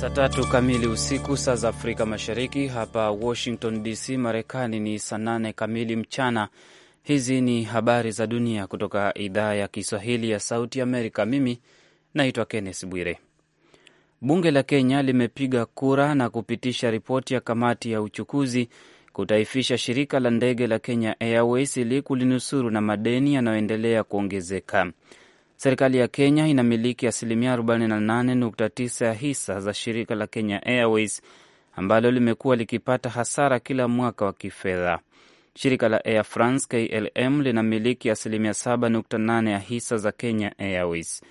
Saa tatu kamili usiku saa za Afrika Mashariki. Hapa Washington DC, Marekani ni saa nane kamili mchana. Hizi ni habari za dunia kutoka idhaa ya Kiswahili ya Sauti Amerika. Mimi naitwa kennes Bwire. Bunge la Kenya limepiga kura na kupitisha ripoti ya kamati ya uchukuzi kutaifisha shirika la ndege la Kenya Airways ili kulinusuru na madeni yanayoendelea kuongezeka. Serikali ya Kenya inamiliki asilimia 48.9 ya hisa za shirika la Kenya Airways ambalo limekuwa likipata hasara kila mwaka wa kifedha. Shirika la Air France KLM linamiliki asilimia 7.8 ya hisa za Kenya Airways.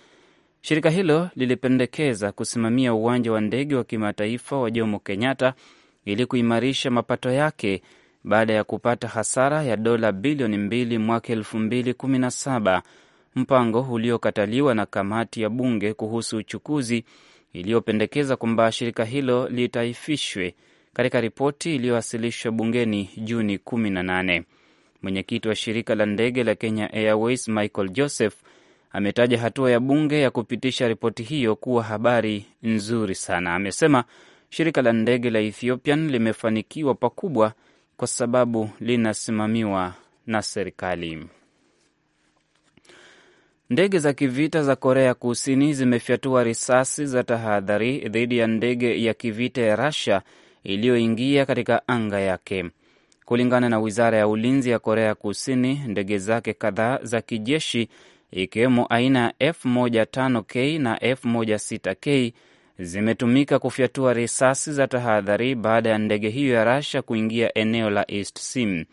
Shirika hilo lilipendekeza kusimamia uwanja wa ndege wa kimataifa wa Jomo Kenyatta ili kuimarisha mapato yake baada ya kupata hasara ya dola bilioni 2 mwaka 2017 mpango uliokataliwa na kamati ya bunge kuhusu uchukuzi iliyopendekeza kwamba shirika hilo litaifishwe katika ripoti iliyowasilishwa bungeni Juni 18. Mwenyekiti wa shirika la ndege la Kenya Airways Michael Joseph ametaja hatua ya bunge ya kupitisha ripoti hiyo kuwa habari nzuri sana. Amesema shirika la ndege la Ethiopian limefanikiwa pakubwa kwa sababu linasimamiwa na serikali. Ndege za kivita za Korea Kusini zimefyatua risasi za tahadhari dhidi ya ndege ya kivita ya Russia iliyoingia katika anga yake. Kulingana na wizara ya ulinzi ya Korea Kusini, ndege zake kadhaa za kijeshi ikiwemo aina ya F15K na F16K zimetumika kufyatua risasi za tahadhari baada ya ndege hiyo ya rasha kuingia eneo la East Sim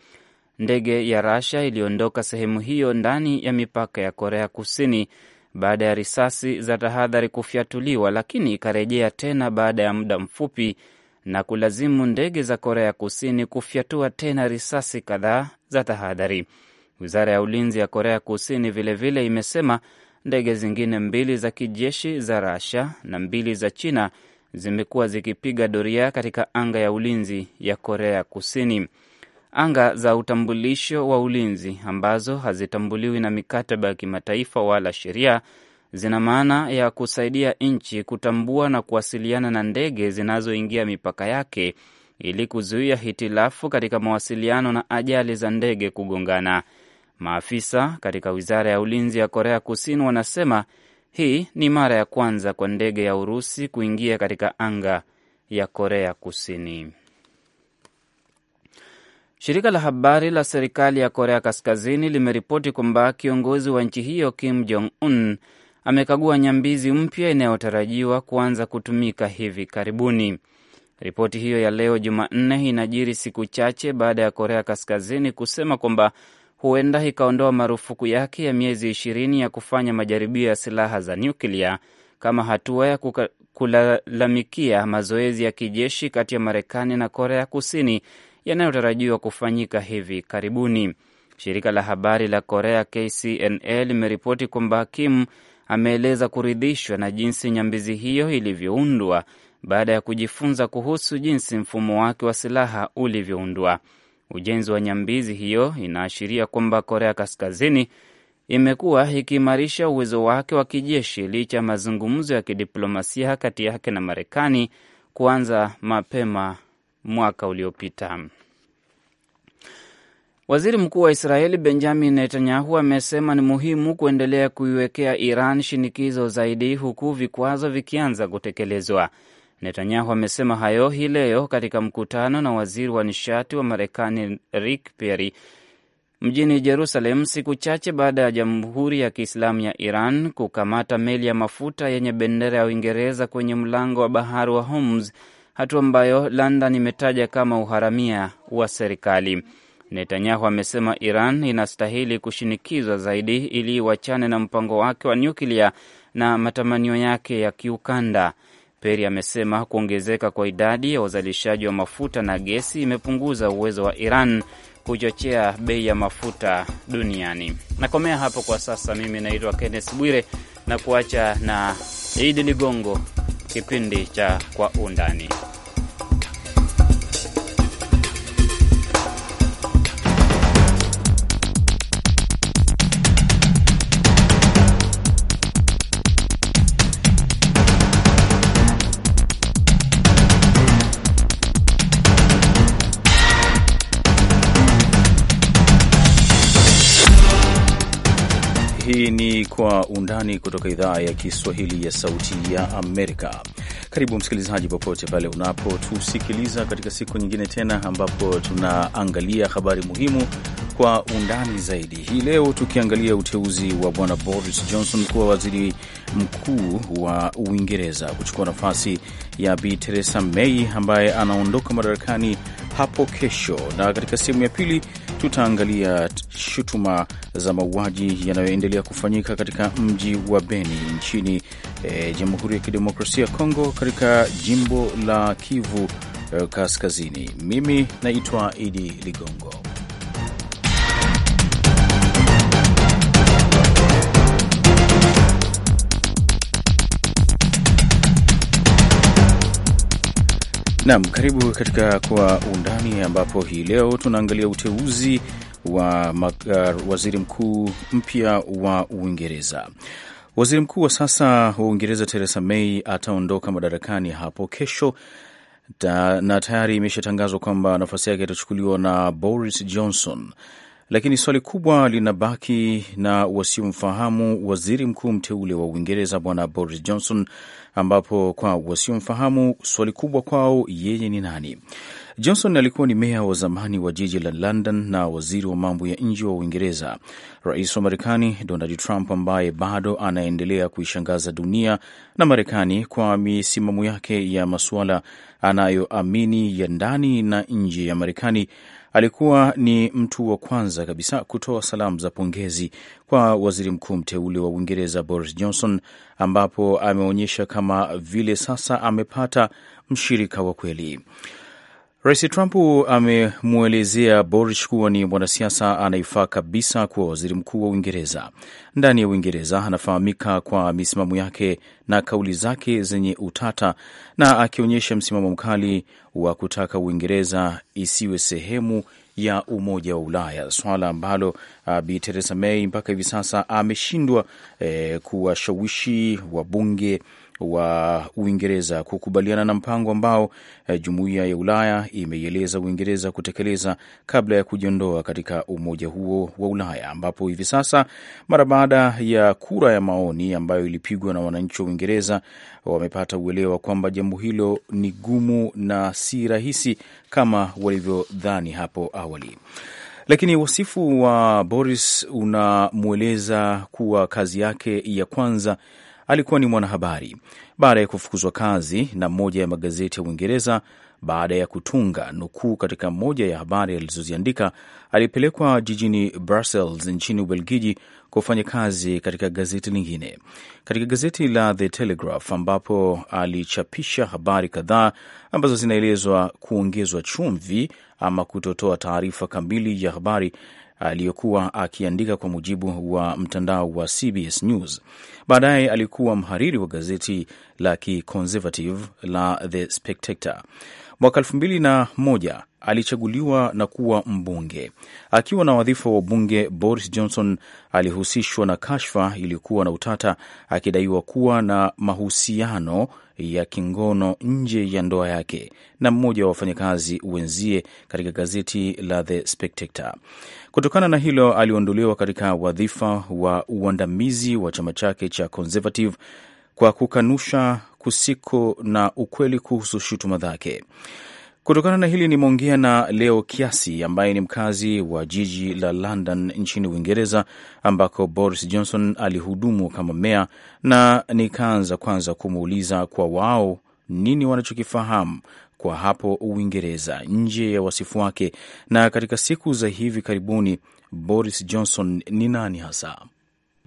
ndege ya Rasia iliondoka sehemu hiyo ndani ya mipaka ya Korea Kusini baada ya risasi za tahadhari kufyatuliwa, lakini ikarejea tena baada ya muda mfupi na kulazimu ndege za Korea Kusini kufyatua tena risasi kadhaa za tahadhari. Wizara ya ulinzi ya Korea Kusini vilevile vile imesema ndege zingine mbili za kijeshi za Rasia na mbili za China zimekuwa zikipiga doria katika anga ya ulinzi ya Korea Kusini anga za utambulisho wa ulinzi ambazo hazitambuliwi na mikataba ya kimataifa wala sheria zina maana ya kusaidia nchi kutambua na kuwasiliana na ndege zinazoingia mipaka yake ili kuzuia hitilafu katika mawasiliano na ajali za ndege kugongana. Maafisa katika wizara ya ulinzi ya Korea Kusini wanasema hii ni mara ya kwanza kwa ndege ya Urusi kuingia katika anga ya Korea Kusini. Shirika la habari la serikali ya Korea Kaskazini limeripoti kwamba kiongozi wa nchi hiyo Kim Jong Un amekagua nyambizi mpya inayotarajiwa kuanza kutumika hivi karibuni. Ripoti hiyo ya leo Jumanne inajiri siku chache baada ya Korea Kaskazini kusema kwamba huenda ikaondoa marufuku yake ya miezi ishirini ya kufanya majaribio ya silaha za nyuklia kama hatua ya kulalamikia mazoezi ya kijeshi kati ya Marekani na Korea Kusini yanayotarajiwa kufanyika hivi karibuni. Shirika la habari la Korea KCNA limeripoti kwamba Kim ameeleza kuridhishwa na jinsi nyambizi hiyo ilivyoundwa baada ya kujifunza kuhusu jinsi mfumo wake wa silaha ulivyoundwa. Ujenzi wa nyambizi hiyo inaashiria kwamba Korea Kaskazini imekuwa ikiimarisha uwezo wake wa kijeshi licha ya mazungumzo ya kidiplomasia kati yake na Marekani kuanza mapema mwaka uliopita. Waziri mkuu wa Israeli Benjamin Netanyahu amesema ni muhimu kuendelea kuiwekea Iran shinikizo zaidi, huku vikwazo vikianza kutekelezwa. Netanyahu amesema hayo hii leo katika mkutano na waziri wa nishati wa Marekani Rick Perry mjini Jerusalem, siku chache baada ya Jamhuri ya Kiislamu ya Iran kukamata meli ya mafuta yenye bendera ya Uingereza kwenye mlango wa bahari wa Hormuz hatua ambayo London imetaja kama uharamia wa serikali. Netanyahu amesema Iran inastahili kushinikizwa zaidi ili iwachane na mpango wake wa nyuklia na matamanio yake ya kiukanda. Peri amesema kuongezeka kwa idadi ya uzalishaji wa mafuta na gesi imepunguza uwezo wa Iran kuchochea bei ya mafuta duniani. Nakomea hapo kwa sasa. Mimi naitwa Kenneth Bwire na kuacha na Idi Ligongo kipindi cha Kwa Undani. ni Kwa Undani kutoka idhaa ya Kiswahili ya Sauti ya Amerika. Karibu msikilizaji, popote pale unapotusikiliza katika siku nyingine tena, ambapo tunaangalia habari muhimu kwa undani zaidi. Hii leo tukiangalia uteuzi wa Bwana Boris Johnson kuwa waziri mkuu wa Uingereza, kuchukua nafasi ya Bi Theresa May ambaye anaondoka madarakani hapo kesho, na katika sehemu ya pili tutaangalia shutuma za mauaji yanayoendelea kufanyika katika mji wa Beni nchini e, Jamhuri ya Kidemokrasia ya Kongo katika jimbo la Kivu e, Kaskazini. Mimi naitwa Idi Ligongo. Naam, karibu katika Kwa Undani, ambapo hii leo tunaangalia uteuzi wa uh, waziri mkuu mpya wa Uingereza. Waziri mkuu wa sasa wa Uingereza Theresa May ataondoka madarakani hapo kesho ta, na tayari imeshatangazwa kwamba nafasi yake itachukuliwa na Boris Johnson lakini swali kubwa linabaki na wasiomfahamu waziri mkuu mteule wa Uingereza Bwana Boris Johnson, ambapo kwa wasiomfahamu swali kubwa kwao yeye ni nani. Johnson alikuwa ni meya wa zamani wa jiji la London na waziri wa mambo ya nje wa Uingereza. Rais wa Marekani Donald Trump, ambaye bado anaendelea kuishangaza dunia na Marekani kwa misimamo yake ya masuala anayoamini ya ndani na nje ya Marekani, Alikuwa ni mtu wa kwanza kabisa kutoa salamu za pongezi kwa waziri mkuu mteule wa Uingereza Boris Johnson, ambapo ameonyesha kama vile sasa amepata mshirika wa kweli. Rais Trump amemwelezea boris kuwa ni mwanasiasa anayefaa kabisa kuwa waziri mkuu wa Uingereza. Ndani ya Uingereza anafahamika kwa misimamo yake na kauli zake zenye utata, na akionyesha msimamo mkali wa kutaka Uingereza isiwe sehemu ya Umoja wa Ulaya, swala ambalo uh, Bi Theresa May mpaka hivi sasa ameshindwa eh, kuwashawishi wabunge wa Uingereza kukubaliana na mpango ambao eh, jumuiya ya Ulaya imeieleza Uingereza kutekeleza kabla ya kujiondoa katika umoja huo wa Ulaya, ambapo hivi sasa mara baada ya kura ya maoni ambayo ilipigwa na wananchi wa Uingereza wamepata uelewa kwamba jambo hilo ni gumu na si rahisi kama walivyodhani hapo awali. Lakini wasifu wa Boris unamweleza kuwa kazi yake ya kwanza alikuwa ni mwanahabari baada ya kufukuzwa kazi na moja ya magazeti ya Uingereza baada ya kutunga nukuu katika moja ya habari alizoziandika. Alipelekwa jijini Brussels nchini Ubelgiji kufanya kazi katika gazeti lingine, katika gazeti la The Telegraph, ambapo alichapisha habari kadhaa ambazo zinaelezwa kuongezwa chumvi ama kutotoa taarifa kamili ya habari aliyokuwa akiandika kwa mujibu wa mtandao wa CBS News. Baadaye alikuwa mhariri wa gazeti la kiconservative la The Spectator. Mwaka elfu mbili na moja alichaguliwa na kuwa mbunge. Akiwa na wadhifa wa bunge, Boris Johnson alihusishwa na kashfa iliyokuwa na utata, akidaiwa kuwa na mahusiano ya kingono nje ya ndoa yake na mmoja wa wafanyakazi wenzie, katika gazeti la The Spectator. Kutokana na hilo, aliondolewa katika wadhifa wa uandamizi wa chama chake cha Conservative kwa kukanusha kusiko na ukweli kuhusu shutuma zake. Kutokana na hili nimeongea na Leo Kiasi ambaye ni mkazi wa jiji la London nchini Uingereza, ambako Boris Johnson alihudumu kama meya, na nikaanza kwanza kumuuliza kwa wao nini wanachokifahamu kwa hapo Uingereza nje ya wasifu wake, na katika siku za hivi karibuni Boris Johnson ni nani hasa?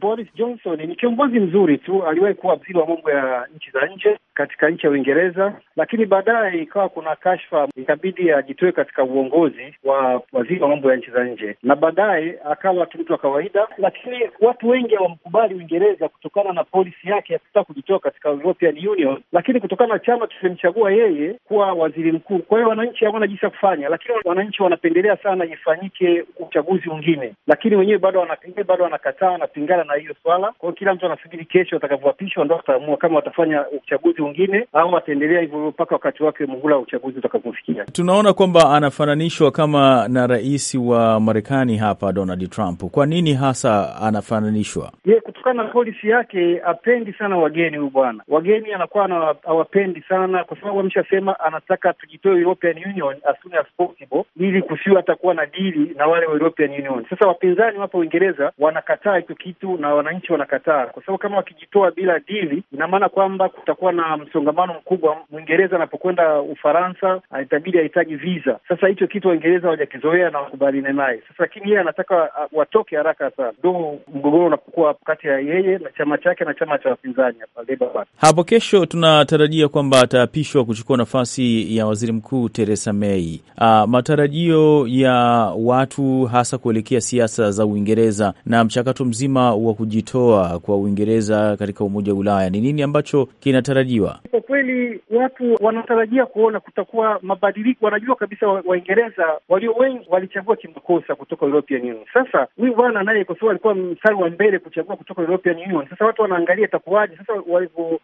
Boris Johnson ni kiongozi mzuri tu, aliwahi kuwa waziri wa mambo ya nchi za nje katika nchi ya Uingereza, lakini baadaye ikawa kuna kashfa, ikabidi ajitoe katika uongozi wa waziri wa mambo ya nchi za nje, na baadaye akawa tu mtu wa kawaida, lakini watu wengi hawamkubali Uingereza kutokana na polisi yake ya kutaka kujitoa katika European Union, lakini kutokana na chama tulimchagua yeye kuwa waziri mkuu. Kwa hiyo wananchi hawana jinsi ya kufanya, lakini wananchi wanapendelea sana ifanyike uchaguzi mwingine, lakini wenyewe bado bado wanakataa, wanapingana na hiyo swala kwao. Kila mtu anafikiri kesho watakavyoapishwa ndo wataamua kama watafanya uchaguzi mwingine au wataendelea hivyo hivyo mpaka wakati wake muhula wa uchaguzi utakavyofikia. Tunaona kwamba anafananishwa kama na rais wa Marekani hapa Donald Trump. Kwa nini hasa anafananishwa? Ye, kutokana na polisi yake, apendi sana wageni huyu bwana. Wageni anakuwa awapendi sana, kwa sababu ameshasema anataka tujitoe European Union as soon as possible, ili kusiwa atakuwa na dili na wale wa European Union. Sasa wapinzani wapo Uingereza wanakataa hicho kitu na wananchi wanakataa, kwa sababu kama wakijitoa bila dili, ina maana kwamba kutakuwa na msongamano mkubwa. Mwingereza anapokwenda Ufaransa itabidi ahitaji visa. Sasa hicho kitu Waingereza hawajakizoea na wakubaliane naye sasa, lakini yeye anataka uh, watoke haraka sana, ndo mgogoro unapokuwa kati ya yeye na chama chake na chama cha wapinzani hapa Labour Party. Hapo kesho tunatarajia kwamba ataapishwa kuchukua nafasi ya waziri mkuu Theresa May. Uh, matarajio ya watu hasa kuelekea siasa za Uingereza na mchakato mzima wa wa kujitoa kwa Uingereza katika Umoja wa Ulaya? Ni nini ambacho kinatarajiwa? Kwa kweli watu wanatarajia kuona kutakuwa mabadiliko. Wanajua kabisa Waingereza wa walio wengi walichagua kimakosa kutoka European Union. Sasa huyu bwana sababu alikuwa mstari wa mbele kuchagua kutoka European Union. Sasa watu wanaangalia itakuwaje. Sasa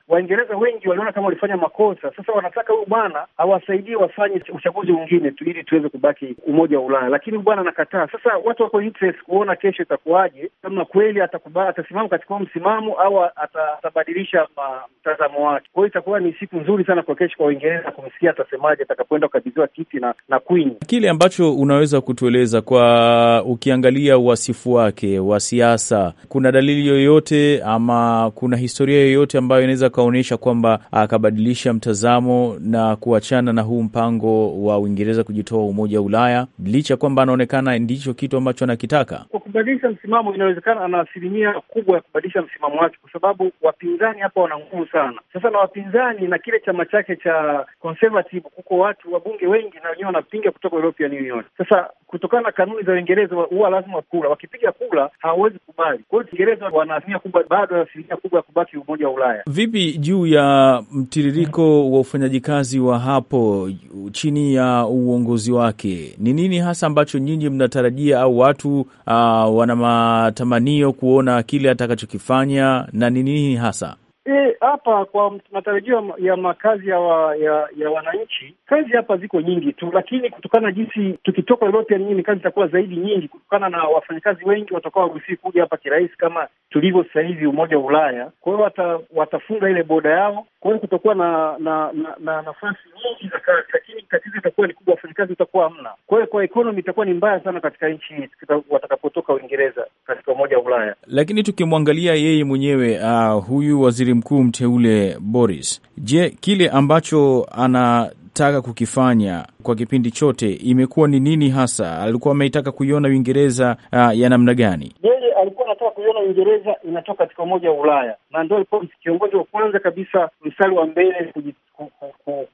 Waingereza wengi waliona kama walifanya makosa, sasa wanataka huyu bwana awasaidie wafanye uchaguzi mwingine tu ili tuweze kubaki umoja wa Ulaya, lakini huyu bwana anakataa. Sasa watu wako interest kuona kesho itakuwaje, kama kweli ataku atasimama katika msimamo au atabadilisha mtazamo wake. Kwa hiyo itakuwa ni siku nzuri sana kwa kesho kwa Uingereza kumsikia atasemaje atakapoenda kukabidhiwa kiti na na Queen. Kile ambacho unaweza kutueleza kwa ukiangalia wasifu wake wa siasa, kuna dalili yoyote ama kuna historia yoyote ambayo inaweza kaonyesha kwamba akabadilisha mtazamo na kuachana na huu mpango wa Uingereza kujitoa Umoja wa Ulaya, licha kwamba anaonekana ndicho kitu ambacho anakitaka? Kwa kubadilisha msimamo, inawezekana ana asilimia nia kubwa ya kubadilisha msimamo wake, kwa sababu wapinzani hapa wana nguvu sana sasa, na wapinzani na kile chama chake cha Conservative, kuko watu wabunge wengi na wenyewe wanapinga kutoka European Union. Sasa kutokana na kanuni za Uingereza huwa lazima kula, wakipiga kula hawawezi kubali. Kwa hiyo Uingereza wana asilimia kubwa, bado asilimia kubwa ya kubaki umoja wa Ulaya. Vipi juu ya mtiririko wa ufanyaji kazi wa hapo chini ya uongozi wake, ni nini hasa ambacho nyinyi mnatarajia au watu uh, wana matamanio kuona kile atakachokifanya na ni nini hasa e, hapa e, kwa matarajio ya makazi ya, wa, ya ya wananchi. Kazi hapa ziko nyingi tu, lakini kutokana jinsi tukitoka European Union kazi itakuwa zaidi nyingi, kutokana na wafanyakazi wengi watakuwa waruhusiwi kuja hapa kirahisi kama tulivyo sasa hivi Umoja wa Ulaya. Kwa hiyo wata, watafunga ile boda yao hiyo kutakuwa na na, na, na nafasi nyingi za kazi, lakini tatizo itakuwa ni kubwa, wafanyakazi utakuwa hamna. Kwa hiyo kwa ekonomi itakuwa ni mbaya sana katika nchi watakapotoka Uingereza katika Umoja wa Ulaya. Lakini tukimwangalia yeye mwenyewe uh, huyu waziri mkuu mteule Boris, je, kile ambacho ana taka kukifanya kwa kipindi chote imekuwa ni nini hasa? Alikuwa ameitaka kuiona Uingereza uh, ya namna gani? Yeye wanataka kuiona Uingereza inatoka katika umoja wa Ulaya, na ndio alikuwa kiongozi wa kwanza kabisa mstari wa mbele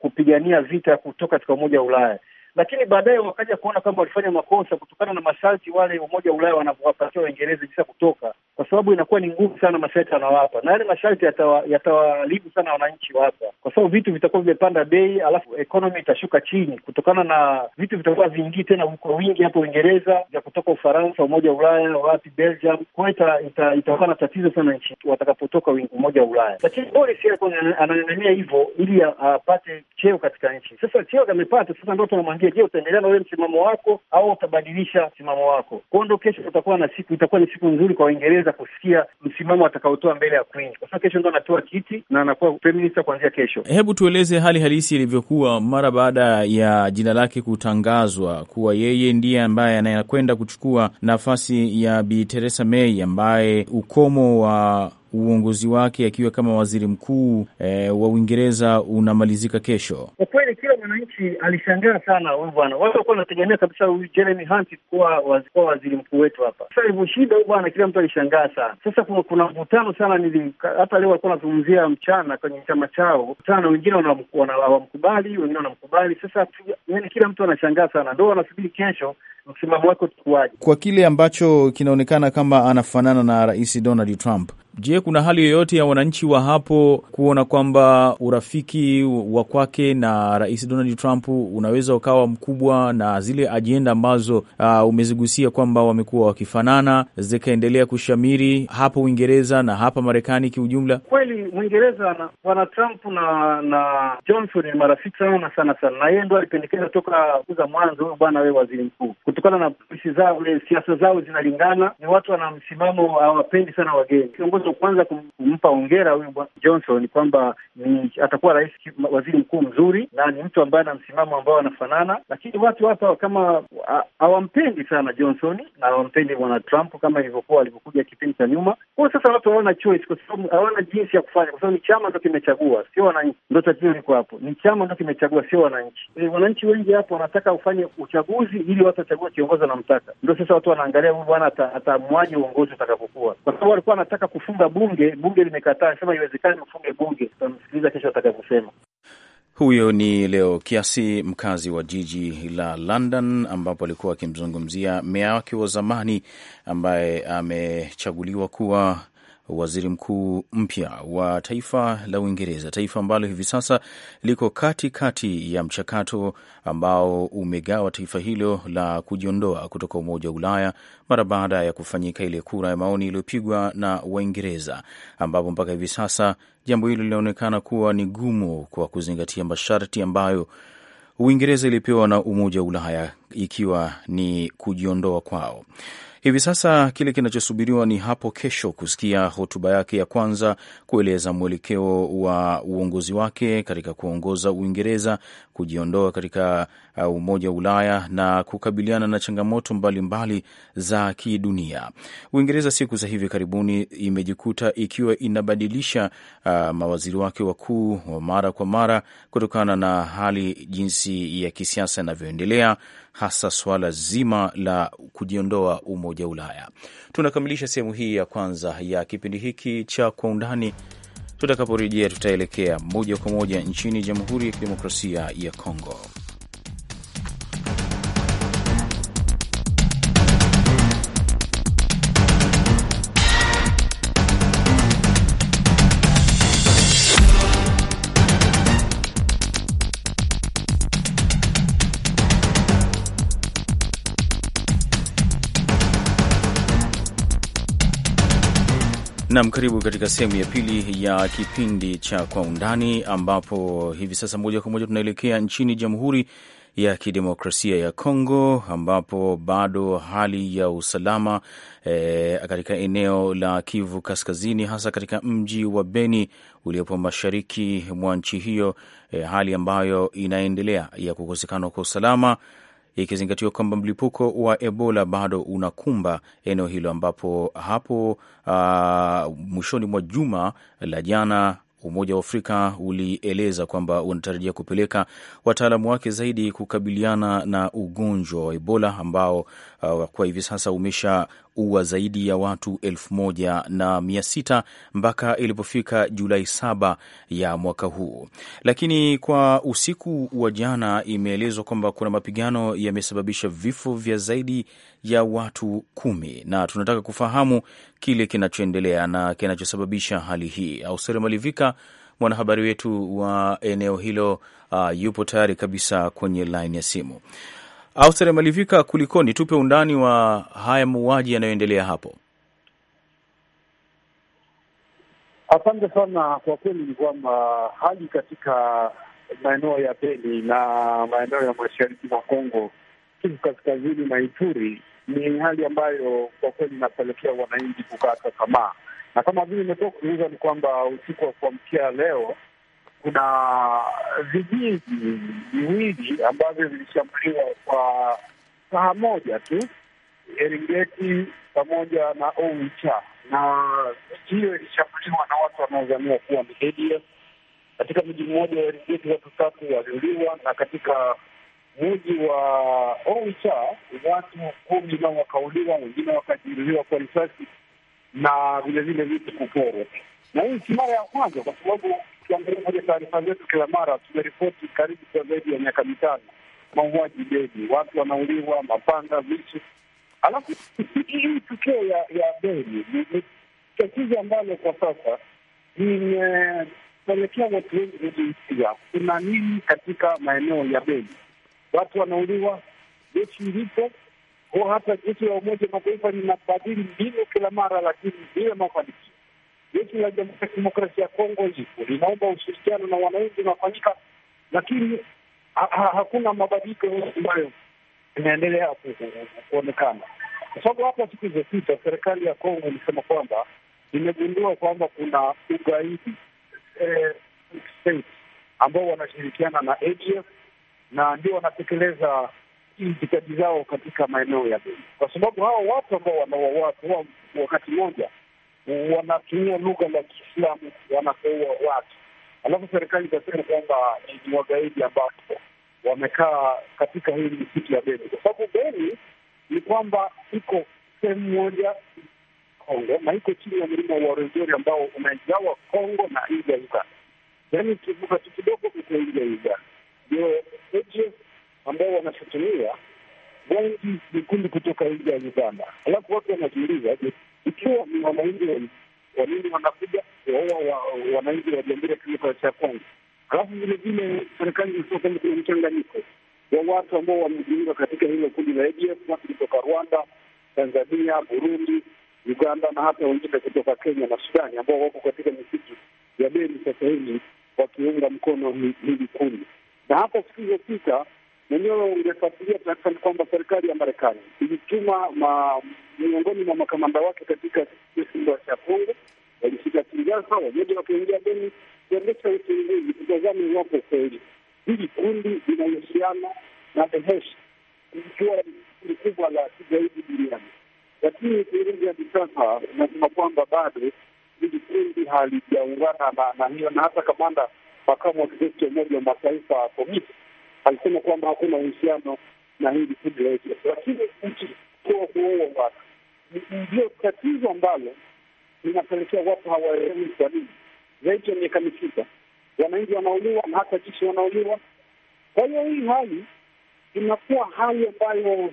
kupigania vita kutoka katika umoja wa Ulaya lakini baadaye wakaja kuona kama walifanya makosa kutokana na masharti wale Umoja wa Ulaya wanavyowapatia Waingereza jinsi ya kutoka, kwa sababu inakuwa ni ngumu sana masharti wanawapa, na yale masharti yatawaribu yata sana wananchi wa hapa, kwa sababu vitu vitakuwa vimepanda bei, alafu economy itashuka chini kutokana na vitu vitakuwa viingii tena kwa wingi hapa Uingereza vya kutoka Ufaransa, Umoja wa Ulaya, wapi Belgium. Kwa hiyo ita, itakuwa na tatizo sana nchi watakapotoka Umoja wa Ulaya, lakini Boris anang'ang'ania hivyo ili apate cheo katika nchi. Sasa cheo amepata, sasa ndio tunamwangalia yake. Je, utaendelea na ule msimamo wako au utabadilisha msimamo wako? Kwa hiyo ndo kesho utakuwa na siku, itakuwa ni siku nzuri kwa Waingereza kusikia msimamo atakaotoa mbele ya Queen, kwa sababu kesho ndo anatoa kiti na anakuwa prime minister kuanzia kesho. Hebu tueleze hali halisi ilivyokuwa mara baada ya jina lake kutangazwa kuwa yeye ndiye ambaye anayekwenda kuchukua nafasi ya Bi Theresa May ambaye ukomo wa uongozi wake akiwa kama waziri mkuu e, wa Uingereza unamalizika kesho. Kwa kweli kila mwananchi alishangaa sana huyu bwana, watu walikuwa wanategemea kabisa huyu Jeremy Hunt kuwa waz, kuwa waziri mkuu wetu hapa. Sasa shida huyu bwana, kila mtu alishangaa sana. Sasa kuna mvutano sana, nili hata leo walikuwa wanazungumzia mchana kwenye chama chao mkutano, wengine hawamkubali, wengine wanamkubali. Sasa yaani kila mtu anashangaa sana, ndo wanasubiri kesho msimamo wake utakuwaje, kwa kile ambacho kinaonekana kama anafanana na Rais Donald Trump. Je, kuna hali yoyote ya wananchi wa hapo kuona kwamba urafiki wa kwake na Rais Donald Trump unaweza ukawa mkubwa na zile ajenda ambazo uh, umezigusia kwamba wamekuwa wakifanana zikaendelea kushamiri hapo Uingereza na hapa Marekani kiujumla? Kweli Mwingereza na bwana Trump na na Johnson ni marafiki sana sana sana, na yeye ndo alipendekeza toka za mwanzo, huyo bwana wewe waziri mkuu, kutokana na zao, eh, siasa zao zinalingana, ni watu wana msimamo, hawapendi sana wageni mwanzo kwanza kumpa ongera huyu Johnson kwamba ni atakuwa rais, waziri mkuu mzuri na ni mtu ambaye ana msimamo ambao anafanana, lakini watu hapa kama hawampendi sana Johnson na hawampendi bwana Trump kama ilivyokuwa walivyokuja kipindi cha nyuma. Kwa sasa watu hawana choice, kwa sababu hawana jinsi ya kufanya, kwa sababu ni chama ndo kimechagua, sio wananchi. Ndo tatizo liko hapo, ni chama ndo kimechagua, sio wananchi. E, wananchi wengi hapo wanataka ufanye uchaguzi ili watu wachagua kiongozi wanamtaka. Ndo sasa watu wanaangalia huyu bwana atamwaje uongozi utakapokuwa, kwa sababu walikuwa wanataka kufu kufunga bunge, bunge limekataa, sema iwezekani mfunge bunge. Tutamsikiliza kesho atakavyosema. Huyo ni Leo Kiasi, mkazi wa jiji la London, ambapo alikuwa akimzungumzia meya wake wa zamani ambaye amechaguliwa kuwa waziri mkuu mpya wa taifa la Uingereza, taifa ambalo hivi sasa liko katikati kati ya mchakato ambao umegawa taifa hilo la kujiondoa kutoka Umoja wa Ulaya mara baada ya kufanyika ile kura ya maoni iliyopigwa na Waingereza, ambapo mpaka hivi sasa jambo hilo linaonekana kuwa ni gumu kwa kuzingatia masharti ambayo Uingereza ilipewa na Umoja wa Ulaya ikiwa ni kujiondoa kwao. Hivi sasa kile kinachosubiriwa ni hapo kesho kusikia hotuba yake ya kwanza kueleza mwelekeo wa uongozi wake katika kuongoza Uingereza kujiondoa katika uh, Umoja wa Ulaya na kukabiliana na changamoto mbalimbali mbali za kidunia. Uingereza siku za hivi karibuni imejikuta ikiwa inabadilisha uh, mawaziri wake wakuu wa mara kwa mara kutokana na hali jinsi ya kisiasa inavyoendelea hasa swala zima la kujiondoa umoja wa Ulaya. Tunakamilisha sehemu hii ya kwanza ya kipindi hiki cha Kwa Undani. Tutakaporejea tutaelekea moja kwa moja nchini Jamhuri ya Kidemokrasia ya Kongo. Nam, karibu katika sehemu ya pili ya kipindi cha Kwa Undani, ambapo hivi sasa moja kwa moja tunaelekea nchini Jamhuri ya Kidemokrasia ya Kongo, ambapo bado hali ya usalama e, katika eneo la Kivu Kaskazini, hasa katika mji wa Beni uliopo mashariki mwa nchi hiyo e, hali ambayo inaendelea ya kukosekana kwa usalama ikizingatiwa kwamba mlipuko wa Ebola bado unakumba eneo hilo, ambapo hapo uh, mwishoni mwa juma la jana Umoja wa Afrika ulieleza kwamba unatarajia kupeleka wataalamu wake zaidi kukabiliana na ugonjwa wa Ebola ambao uh, kwa hivi sasa umesha ua zaidi ya watu elfu moja na mia sita mpaka ilipofika Julai saba ya mwaka huu. Lakini kwa usiku wa jana imeelezwa kwamba kuna mapigano yamesababisha vifo vya zaidi ya watu kumi, na tunataka kufahamu kile kinachoendelea na kinachosababisha hali hii. Ausere Malivika mwanahabari wetu wa eneo hilo uh, yupo tayari kabisa kwenye laini ya simu austere Malivika, kulikoni? Tupe undani wa haya mauaji yanayoendelea hapo. Asante sana. Kwa kweli ni kwamba hali katika maeneo ya Beni na maeneo ya mashariki mwa Kongo, Kivu Kaskazini na Ituri ni hali ambayo kwa kweli inapelekea wananchi kukata tamaa, na kama vile imetoka kuuza ni kwamba usiku wa kuamkia leo kuna vijiji viwili ambavyo vilishambuliwa kwa saha moja tu, Eringeti pamoja na Oicha, na miji hiyo ilishambuliwa na watu wanaozaniwa kuwa ni ADF. Katika mji mmoja wa Eringeti watu tatu waliuliwa, na katika mji wa Oicha watu kumi nao wakauliwa, wengine wakajiruliwa kwa risasi na vilevile vitu kuporwa. Na hii si mara ya kwanza kwa sababu ukiangalia moja taarifa zetu kila mara tumeripoti karibu kwa zaidi ya miaka mitano mauaji Beni, watu wanauliwa mapanga, visu. Alafu hii tukio ya ya Beni ni tatizo ambalo kwa sasa limepelekea watu wengi kujiuliza kuna nini katika maeneo ya Beni. Watu wanauliwa, jeshi lipo ko, hata jeshi la Umoja mataifa Mataifa linabadili mbinu kila mara, lakini bila mafanikio jeshi la Jamhuri ya Kidemokrasia ya Kongo lipo linaomba ushirikiano na wananchi unafanyika, lakini ha ha hakuna mabadiliko yote ambayo inaendelea kuonekana, kwa sababu hapa siku zilizopita serikali ya Kongo ilisema kwamba imegundua kwamba kuna ugaidi eh, ambao wanashirikiana na ADF na ndio wanatekeleza itikadi zao katika maeneo ya Beni, kwa sababu hao watu ambao wanaua watu wakati mmoja wanatumia lugha la Kiislamu wanateua watu, alafu serikali ikasema kwamba ni wagaidi ambapo wamekaa katika hii misitu ya Beni, kwa sababu Beni ni kwamba iko sehemu moja Kongo na iko chini ya mlima wa Rwenzori ambao unaigawa Kongo na nji ya Uganda, yani kivuka tu kidogo kuko nji ya Uganda. Ndio ambao wanashutumia wengi vikundi kutoka nji ya Uganda, alafu watu wanajiuliza ikiwa ni wananchi wengi, kwa nini wanakuja kuwaua wananchi wa Jamhuri ya Kidemokrasia ya Kongo? alafu vilevile serikali inasema kwamba kuna mchanganyiko wa watu ambao wamejiunga katika hilo kundi la ADF, watu kutoka Rwanda, Tanzania, Burundi, Uganda na hata wengine kutoka Kenya na Sudani ambao wako katika misitu ya Beni sasa hivi wakiunga mkono hili kundi. Na hapo siku iliyopita Mwenyewe ungefuatilia taarifa ni kwamba serikali ya Marekani ilituma miongoni mwa makamanda wake katika kisiwa cha Kongo, walifika Kinshasa, wamoja wakaingia Beni kuendesha uchunguzi kutazama iwapo kweli hili kundi linahusiana na Daesh, ikiwa kundi kubwa la kigaidi duniani. Lakini uchunguzi hadi sasa unasema kwamba bado hili kundi halijaungana na hiyo, na hata kamanda makamu wa kikosi cha Umoja wa Mataifa komiti alisema kwamba hakuna uhusiano na hili kundi, lakini kutoa kuoa watu ndio tatizo ambalo linapelekea watu hawaelewi kwa nini zaidi ya miaka misita wananchi wanauliwa na hata jeshi wanauliwa. Kwa hiyo hii hali inakuwa hali ambayo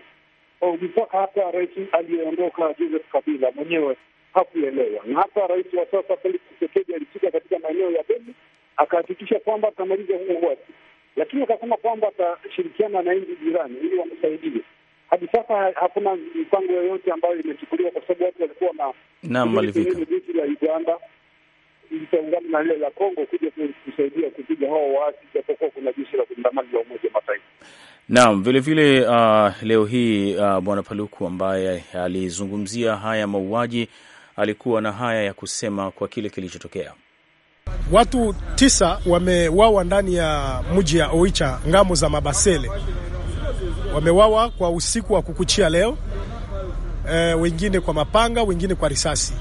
oh, mpaka hata rais aliyeondoka Joseph Kabila mwenyewe hakuelewa, na hata rais wa sasa Felix Tshisekedi alifika katika maeneo ya Beni akahakikisha kwamba atamaliza huo watu lakini akasema kwamba atashirikiana na nchi jirani ili wamsaidie. Hadi sasa hakuna mipango yoyote ambayo imechukuliwa, kwa sababu watu walikuwa na naam, jeshi la Uganda litaungana na lile la Kongo kuja kusaidia kupiga hao waasi, japokuwa kuna jeshi la kuandamana la Umoja Mataifa. Naam, vilevile uh, leo hii uh, Bwana Paluku ambaye alizungumzia haya mauaji alikuwa na haya ya kusema kwa kile kilichotokea. Watu tisa wamewawa ndani ya mji ya Oicha, ngamo za Mabasele. Wamewawa kwa usiku wa kukuchia leo e, wengine kwa mapanga, wengine kwa risasi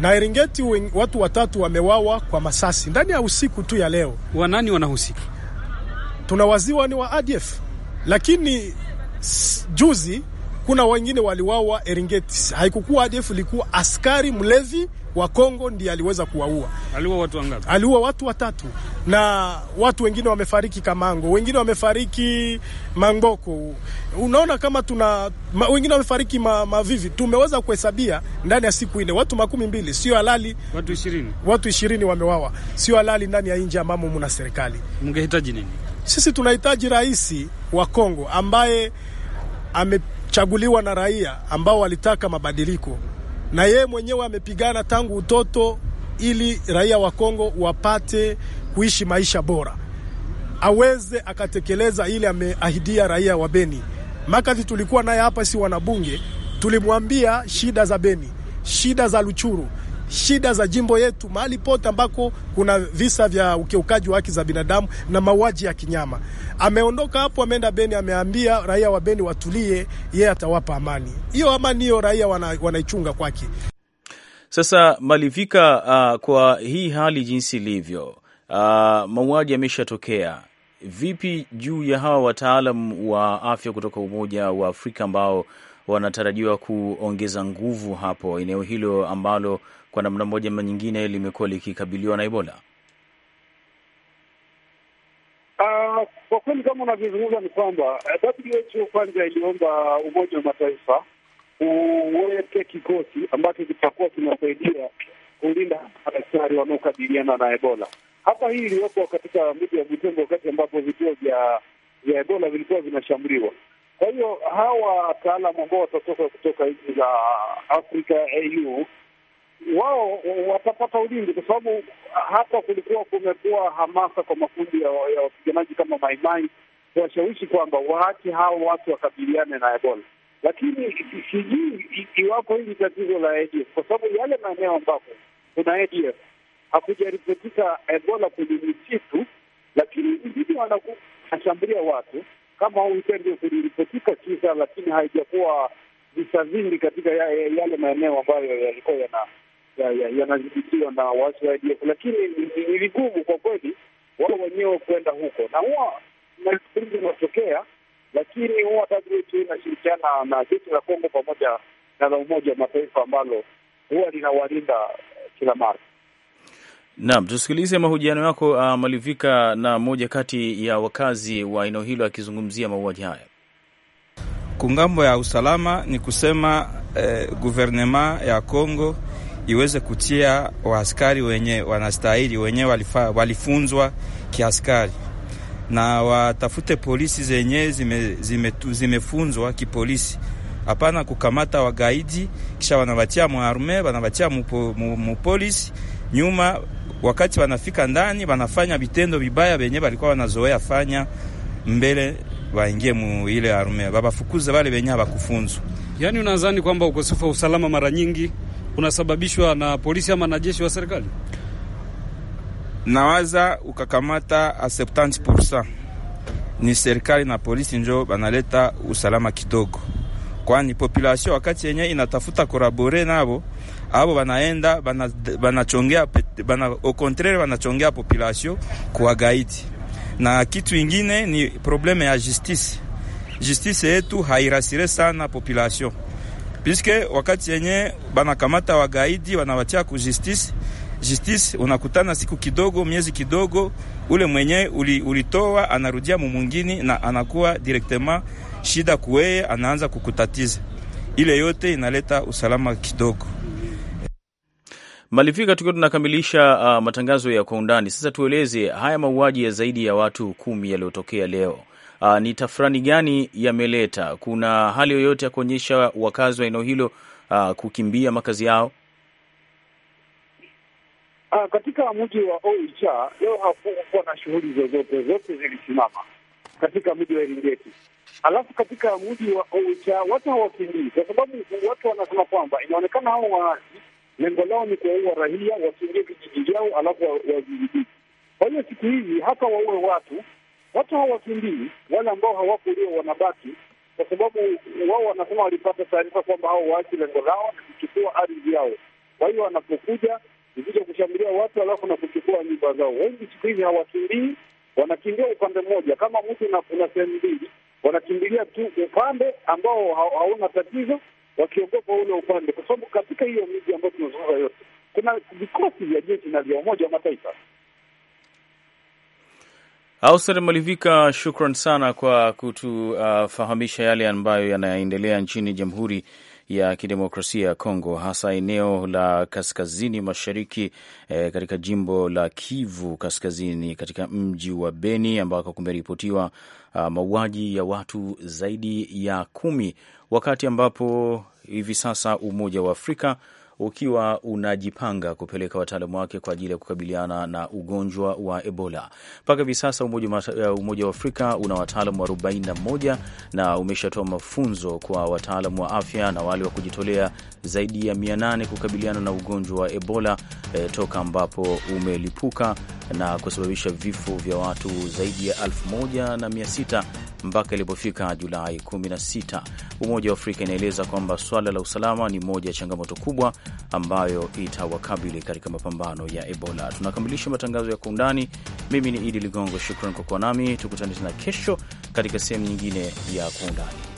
na Eringeti watu watatu wamewawa kwa masasi ndani ya usiku tu ya leo. Wanani wanahusika? Tunawaziwa ni wa ADF, lakini juzi kuna wengine waliwawa Eringeti, haikukuwa ADF, ilikuwa askari mlevi wa Kongo ndiye aliweza kuwaua. Aliua watu wangapi? Aliua watu watatu, na watu wengine wamefariki Kamango, wengine wamefariki Mangoko. Unaona kama tuna ma, wengine wamefariki ma, Mavivi. Tumeweza kuhesabia ndani ya siku ine watu makumi mbili, sio halali watu ishirini, watu ishirini wamewawa, sio halali ndani ya nje ambamo muna serikali. Mngehitaji nini? Sisi tunahitaji rais wa Kongo ambaye amechaguliwa na raia ambao walitaka mabadiliko na yeye mwenyewe amepigana tangu utoto ili raia wa Kongo wapate kuishi maisha bora, aweze akatekeleza ile ameahidia raia wa Beni. Makati tulikuwa naye hapa, si wanabunge, tulimwambia shida za Beni, shida za Luchuru, shida za jimbo yetu, mahali pote ambako kuna visa vya ukiukaji wa haki za binadamu na mauaji ya kinyama. Ameondoka hapo, ameenda Beni, ameambia raia wa Beni watulie, yeye atawapa amani. Hiyo amani hiyo raia wana, wanaichunga kwake. Sasa malivika uh, kwa hii hali jinsi ilivyo, uh, mauaji yameshatokea. Vipi juu ya hawa wataalam wa afya kutoka Umoja wa Afrika ambao wanatarajiwa kuongeza nguvu hapo eneo hilo ambalo kwa namna moja ama nyingine limekuwa likikabiliwa na Ebola? Ah, kwa kweli kama unavyozungumza ni kwamba WHO kwanza iliomba Umoja wa Mataifa uweke kikosi ambacho kitakuwa kinasaidia kulinda madaktari wanaokabiliana na Ebola. Hapa hii iliyopo katika mji wa Butembo, wakati ambapo vituo vya vya Ebola vilikuwa vinashambuliwa. Kwa hiyo hawa wataalamu ambao watatoka kutoka nchi za Afrika au wao watapata ulinzi, kwa sababu hapa kulikuwa kumekuwa hamasa kwa makundi ya wapiganaji kama Maimai kuwashawishi kwamba waache hao watu wakabiliane na Ebola, lakini sijui iwapo hili tatizo la ADF, kwa sababu yale maeneo ambapo kuna ADF hakujaripotika Ebola kwenye misitu, lakini wengine wanashambulia watu kama wiki ndio kuliripotika kisa, lakini haijakuwa visa vingi katika yale maeneo ambayo yalikuwa yanadhibitiwa na waasi wa ADF, lakini ni vigumu kwa kweli wao wenyewe kwenda huko, na huwa naii inatokea, lakini huwa WHO inashirikiana na jeshi la Kongo pamoja na la Umoja wa Mataifa ambalo huwa linawalinda kila mara. Naam, tusikilize mahojiano yako uh, Malivika na moja kati ya wakazi wa eneo hilo akizungumzia mauaji haya. Kungambo ya usalama ni kusema eh, guvernema ya Kongo iweze kutia waaskari wenye wanastahili wenye walifa, walifunzwa kiaskari na watafute polisi zenye zimefunzwa zime, zime kipolisi. Hapana kukamata wagaidi kisha wanabatia muarme wanabatia mupolisi nyuma wakati wanafika ndani wanafanya vitendo vibaya venye walikuwa wanazoea fanya mbele waingie mu ile arme, wabafukuze wale wenye hawakufunzwa. Yani, unadhani kwamba ukosefu wa usalama mara nyingi unasababishwa na polisi ama na jeshi wa serikali? Nawaza ukakamata aseptanti pursa ni serikali na polisi njo banaleta usalama kidogo, kwani population wakati yenye inatafuta korabore nabo abo banaenda banachongea bana, au contraire banachongea population kwa gaidi. Na kitu ingine ni probleme ya justice. Justice yetu hairasire sana population piske wakati yenye banakamata wagaidi wanawatia ku justice justice unakutana siku kidogo miezi kidogo, ule mwenye ulitoa anarudia mumungini na anakuwa directement shida kuweye, anaanza kukutatiza. Ile yote inaleta usalama kidogo. Malifika, tukiwa tunakamilisha uh, matangazo ya kwa undani. Sasa tueleze haya mauaji ya zaidi ya watu kumi yaliyotokea leo uh, ni tafurani gani yameleta? Kuna hali yoyote ya kuonyesha wakazi wa eneo hilo uh, kukimbia makazi yao? Uh, katika mji wa Oicha leo hakukuwa na shughuli zozote, zote zilisimama katika mji wa Eringeti. Alafu katika mji wa Oicha watu hawakimbii, kwa sababu watu wanasema kwamba inaonekana hao lengo lao ni kuwaua raia, wasiingie vijiji vyao, alafu wazidhibiti. Kwa hiyo siku hizi hata waue watu, watu hawakimbii. Wale ambao hawako wanabaki, kwa sababu wao wanasema walipata taarifa kwamba hao waasi lengo lao ni kuchukua ardhi yao. Kwa hiyo wanapokuja ikija kushambulia watu, alafu na kuchukua nyumba zao. Wengi siku hizi hawakimbii, wanakimbia upande mmoja. Kama mtu una sehemu mbili, wanakimbilia tu upande ambao hauna tatizo wakiogopa ule upande, kwa sababu katika hiyo miji ambayo tunazungumza yote kuna vikosi vya jeshi na vya Umoja wa Mataifa. Auster Malivika, shukran sana kwa kutufahamisha uh, yale ambayo yanaendelea nchini Jamhuri ya Kidemokrasia ya Kongo, hasa eneo la kaskazini mashariki eh, katika jimbo la Kivu Kaskazini, katika mji wa Beni ambako kumeripotiwa uh, mauaji ya watu zaidi ya kumi wakati ambapo hivi sasa Umoja wa Afrika ukiwa unajipanga kupeleka wataalamu wake kwa ajili ya kukabiliana na ugonjwa wa Ebola. Mpaka hivi sasa Umoja wa uh, Afrika una wataalamu wa 41 na umeshatoa mafunzo kwa wataalamu wa afya na wale wa kujitolea zaidi ya 800 kukabiliana na ugonjwa wa Ebola e, toka ambapo umelipuka na kusababisha vifo vya watu zaidi ya 1600 mpaka ilipofika Julai 16. Umoja wa Afrika inaeleza kwamba swala la usalama ni moja ya changamoto kubwa ambayo itawakabili katika mapambano ya Ebola. Tunakamilisha matangazo ya kwa undani. Mimi ni Idi Ligongo, shukran kwa kuwa nami. Tukutane tena kesho katika sehemu nyingine ya kwa undani.